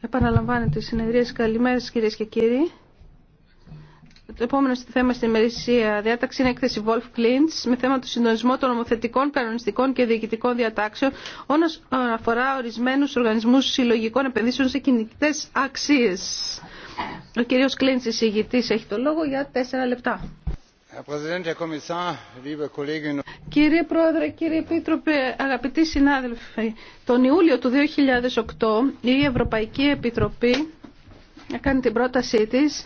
Επαναλαμβάνεται η συνεδρία. Καλημέρα κυρίες και κύριοι. Το επόμενο θέμα στην ημερήσια διάταξη είναι έκθεση Wolf Klintz με θέμα του συντονισμού των νομοθετικών, κανονιστικών και διοικητικών διατάξεων όσον αφορά ορισμένου οργανισμού συλλογικών επενδύσεων σε κινητέ αξίε. Ο κύριο Κλίντ, εισηγητή, έχει το λόγο για τέσσερα λεπτά. Κύριε Πρόεδρε, κύριε Επίτροπε, αγαπητοί συνάδελφοι, τον Ιούλιο του 2008 η Ευρωπαϊκή Επιτροπή έκανε την πρότασή της